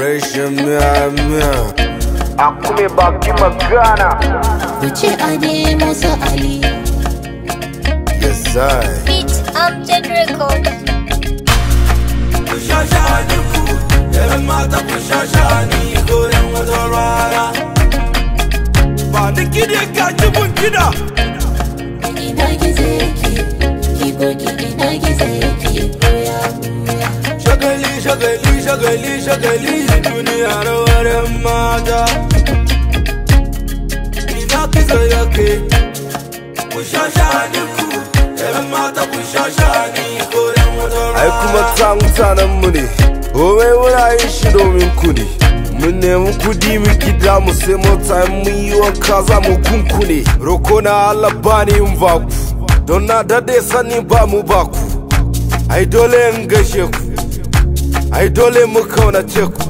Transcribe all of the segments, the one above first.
Pressure, man, man. Akume baki magana. my ade maso ali. Yes, I. Beat Object Record. Kushasha aduku, yaran mata kushasha ni goren wazarara. shakali shakali shakali duniyar warin mata ina kisa yake ku shashani ku yaran mata ku shashani koren wajen ai kuma ta mutanen mu ne komai muna yin shi domin ku ne mun nemi kudi mu gida mota mun yi wanka za mu kunkune roko bani in baku don na dade sani ba mu baku dole in ku ai dole mu kaunace ku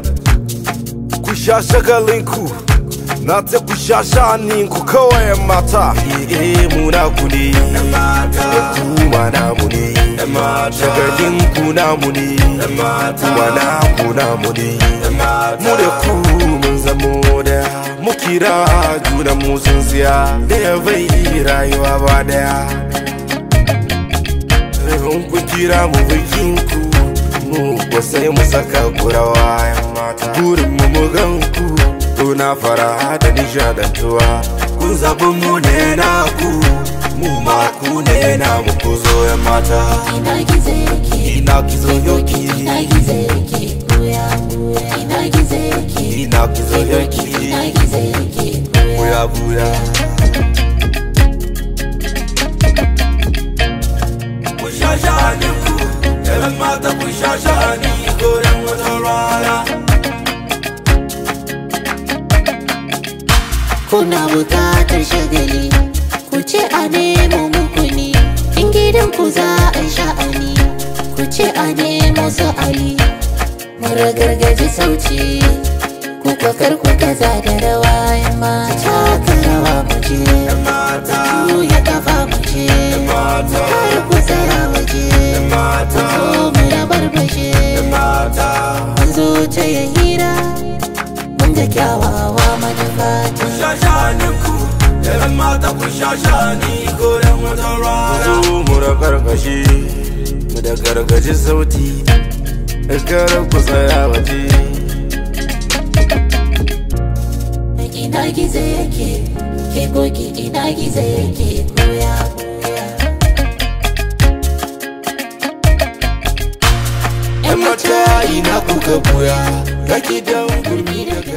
ku sha shagalinku na ta ku sha ku kawai mata eh muna ku ne kuma na mu ne ku na mu ne kuma na ku na mu ne mu da ku mun zamo da mu kira juna mu sun siya da ya bai rayuwa ba daya ku kira mu bikinku mu da sai mu saka kurawa mata burin mu mu gan ku tona fara da nishadantuwa kun zaɓi mu ne na ku mu ma ku ne na mu ku zo yan mata ina gizo yake ina gizo yoki ina gizo yake buya ina gizo yake ina gizo yake ina gizo yake buya buya sha sha'ani goren wata rana kuna bukatar shagali ku ce a nemo muku ne in gidan ku za a sha'ani ku ce a nemo su ali mara gargaji sauci ku kwakar ku kaza da rawa yamma ta rawa mu je ya kafa wuce ya hira mun ga kyawawa manufa ku ni ku yaran mata ku shasha ko goren wata rana mu da karkashi mu da gargaji sauti karar ku tsaya waje ina gizo yake ke koki ina gizo yake mata ina kuka buya Gaki dan gurmi da